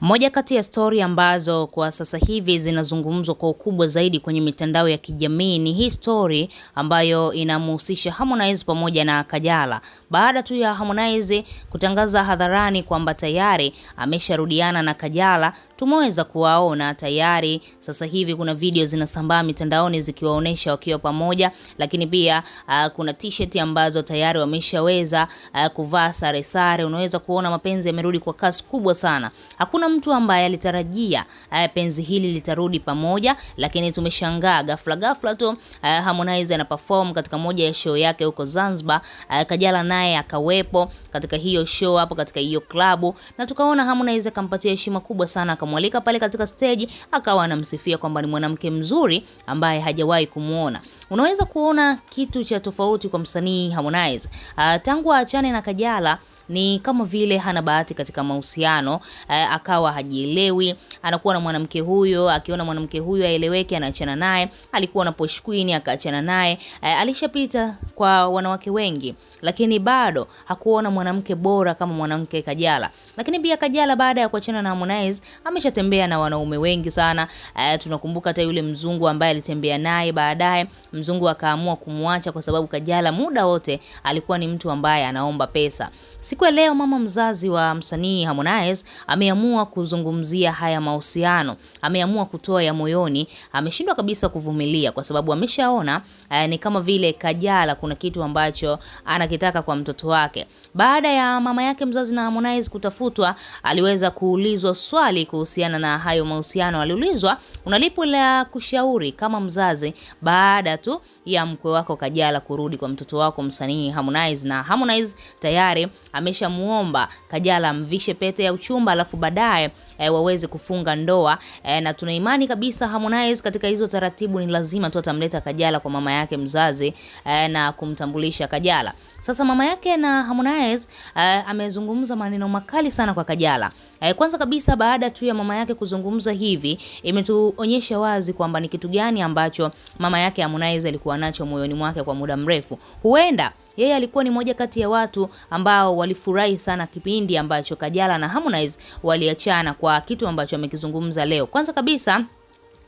Moja kati ya stori ambazo kwa sasa hivi zinazungumzwa kwa ukubwa zaidi kwenye mitandao ya kijamii ni hii stori ambayo inamhusisha Harmonize pamoja na Kajala. Baada tu ya Harmonize kutangaza hadharani kwamba tayari amesharudiana na Kajala, tumeweza kuwaona tayari. Sasa hivi kuna video zinasambaa mitandaoni zikiwaonesha wakiwa pamoja, lakini pia uh, kuna t-shirt ambazo tayari wameshaweza uh, kuvaa sare sare. Unaweza kuona mapenzi yamerudi kwa kasi kubwa sana. Hakuna hakuna mtu ambaye alitarajia haya eh, penzi hili litarudi pamoja, lakini tumeshangaa ghafla ghafla tu eh, Harmonize ana perform katika moja ya show yake huko Zanzibar. Eh, Kajala naye akawepo katika hiyo show hapo katika hiyo klabu, na tukaona Harmonize akampatia heshima kubwa sana, akamwalika pale katika stage, akawa anamsifia kwamba ni mwanamke mzuri ambaye hajawahi kumwona. Unaweza kuona kitu cha tofauti kwa msanii Harmonize ah, tangu aachane na Kajala ni kama vile hana bahati katika mahusiano eh, akawa hajielewi, anakuwa na mwanamke huyo, akiona mwanamke huyo aeleweke anaachana naye. Alikuwa na Posh Queen akaachana naye eh, alishapita kwa wanawake wengi, lakini bado hakuona mwanamke bora kama mwanamke Kajala. Lakini pia Kajala baada ya kuachana na Harmonize ameshatembea na wanaume wengi sana eh, tunakumbuka hata yule mzungu ambaye alitembea naye baadaye, mzungu akaamua kumwacha kwa sababu Kajala muda wote alikuwa ni mtu ambaye anaomba pesa si Siku ya leo mama mzazi wa msanii Harmonize ameamua kuzungumzia haya mahusiano, ameamua kutoa ya moyoni, ameshindwa kabisa kuvumilia kwa sababu ameshaona eh, ni kama vile Kajala kuna kitu ambacho anakitaka kwa mtoto wake. Baada ya mama yake mzazi na Harmonize kutafutwa, aliweza kuulizwa swali kuhusiana na hayo mahusiano. Aliulizwa, unalipo la kushauri kama mzazi baada tu ya mkwe wako Kajala kurudi kwa mtoto wako msanii Harmonize, na Harmonize tayari ame ameshamuomba Kajala amvishe pete ya uchumba alafu baadaye e, waweze kufunga ndoa e, na tuna imani kabisa Harmonize katika hizo taratibu ni lazima tu atamleta Kajala kwa mama yake mzazi e, na kumtambulisha Kajala. Sasa mama yake na Harmonize e, amezungumza maneno makali sana kwa Kajala. E, kwanza kabisa baada tu ya mama yake kuzungumza hivi imetuonyesha wazi kwamba ni kitu gani ambacho mama yake Harmonize alikuwa nacho moyoni mwake kwa muda mrefu. Huenda yeye alikuwa ni moja kati ya watu ambao walifurahi sana kipindi ambacho Kajala na Harmonize waliachana, kwa kitu ambacho amekizungumza leo. Kwanza kabisa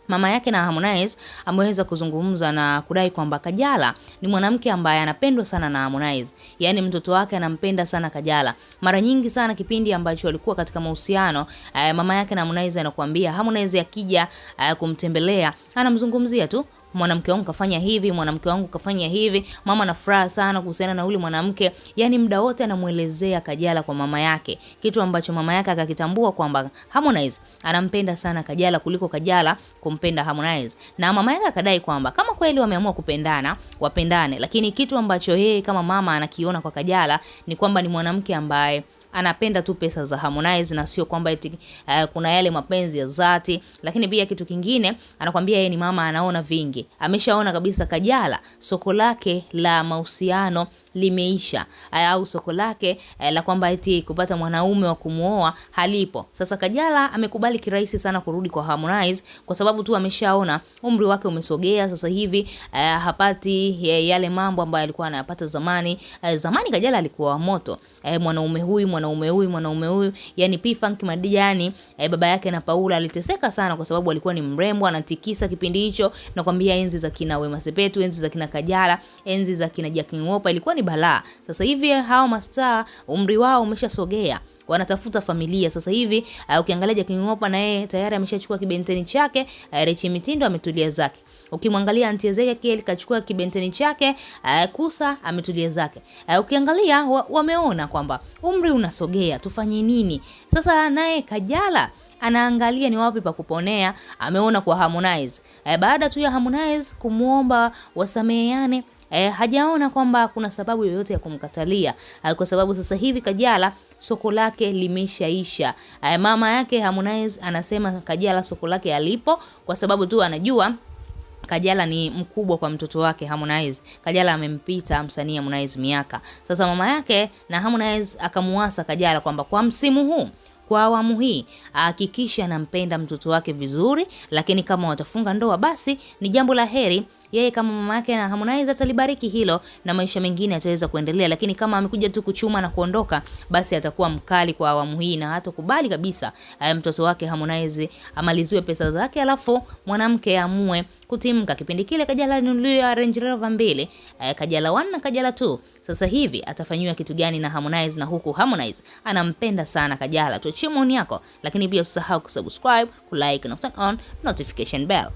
mama yake na Harmonize ameweza kuzungumza na kudai kwamba Kajala ni mwanamke ambaye anapendwa sana na Harmonize. Yaani mtoto wake anampenda sana Kajala. Mara nyingi sana kipindi ambacho walikuwa katika mahusiano, eh, mama yake na Harmonize anakuambia Harmonize akija eh, kumtembelea anamzungumzia tu mwanamke wangu kafanya hivi, mwanamke wangu kafanya hivi. Mama ana furaha sana kuhusiana na yule mwanamke, yani muda wote anamwelezea Kajala kwa mama yake, kitu ambacho mama yake akakitambua kwamba Harmonize anampenda sana Kajala kuliko Kajala kumpenda Harmonize, na mama yake akadai kwamba kama kweli wameamua kupendana wapendane, lakini kitu ambacho yeye kama mama anakiona kwa Kajala ni kwamba ni mwanamke ambaye anapenda tu pesa za Harmonize na sio kwamba eti uh, kuna yale mapenzi ya dhati. Lakini pia kitu kingine anakwambia yeye ni mama, anaona vingi, ameshaona kabisa Kajala soko lake la mahusiano limeisha eh, au soko lake eh, la kwamba eti kupata mwanaume wa kumuoa halipo. Sasa Kajala amekubali kirahisi sana kurudi kwa Harmonize kwa sababu tu ameshaona umri wake umesogea sasa hivi eh, hapati eh, yale mambo ambayo alikuwa anayapata zamani. Eh, zamani Kajala alikuwa moto. Eh, mwanaume huyu, mwanaume huyu, mwanaume huyu, yani P Funk Madijani, eh, baba yake na Paula aliteseka sana kwa sababu alikuwa ni mrembo anatikisa kipindi hicho na kwambia enzi za kina Wema Sepetu, enzi za kina Kajala, enzi za kina Jackin Ngopa ilikuwa ni balaa. Sasa hivi hawa mastaa umri wao umeshasogea wanatafuta familia sasa hivi. Uh, ukiangalia Jack Ngopa na yeye tayari ameshachukua kibenteni chake. Uh, Richie Mitindo ametulia zake. Ukimwangalia anti Ezekiel yeye kachukua kibenteni chake. Uh, Kusa ametulia zake. Uh, ukiangalia wa, wameona kwamba umri unasogea, tufanye nini sasa? Naye Kajala anaangalia ni wapi pa kuponea, ameona kwa Harmonize. Uh, baada tu ya Harmonize kumwomba wasameheane eh, hajaona kwamba kuna sababu yoyote ya kumkatalia eh, kwa sababu sasa hivi Kajala soko lake limeshaisha. Eh, mama yake Harmonize anasema Kajala soko lake alipo kwa sababu tu anajua Kajala ni mkubwa kwa mtoto wake Harmonize. Kajala amempita msanii Harmonize miaka. Sasa mama yake na Harmonize akamuasa Kajala kwamba kwa msimu huu kwa awamu hii ahakikisha anampenda mtoto wake vizuri, lakini kama watafunga ndoa basi ni jambo la heri yeye kama mama yake na Harmonize atalibariki hilo na maisha mengine ataweza kuendelea, lakini kama amekuja tu kuchuma na kuondoka, basi atakuwa mkali kwa awamu hii na hatakubali kabisa eh, mtoto wake Harmonize amaliziwe pesa zake, alafu mwanamke amue kutimka. Kipindi kile Kajala alinunuliwa Range Rover mbili, eh, Kajala 1 na Kajala 2. Sasa hivi atafanyiwa kitu gani na Harmonize? Na huku Harmonize anampenda sana Kajala. Tuachie maoni yako, lakini pia usisahau kusubscribe, kulike na turn on notification bell.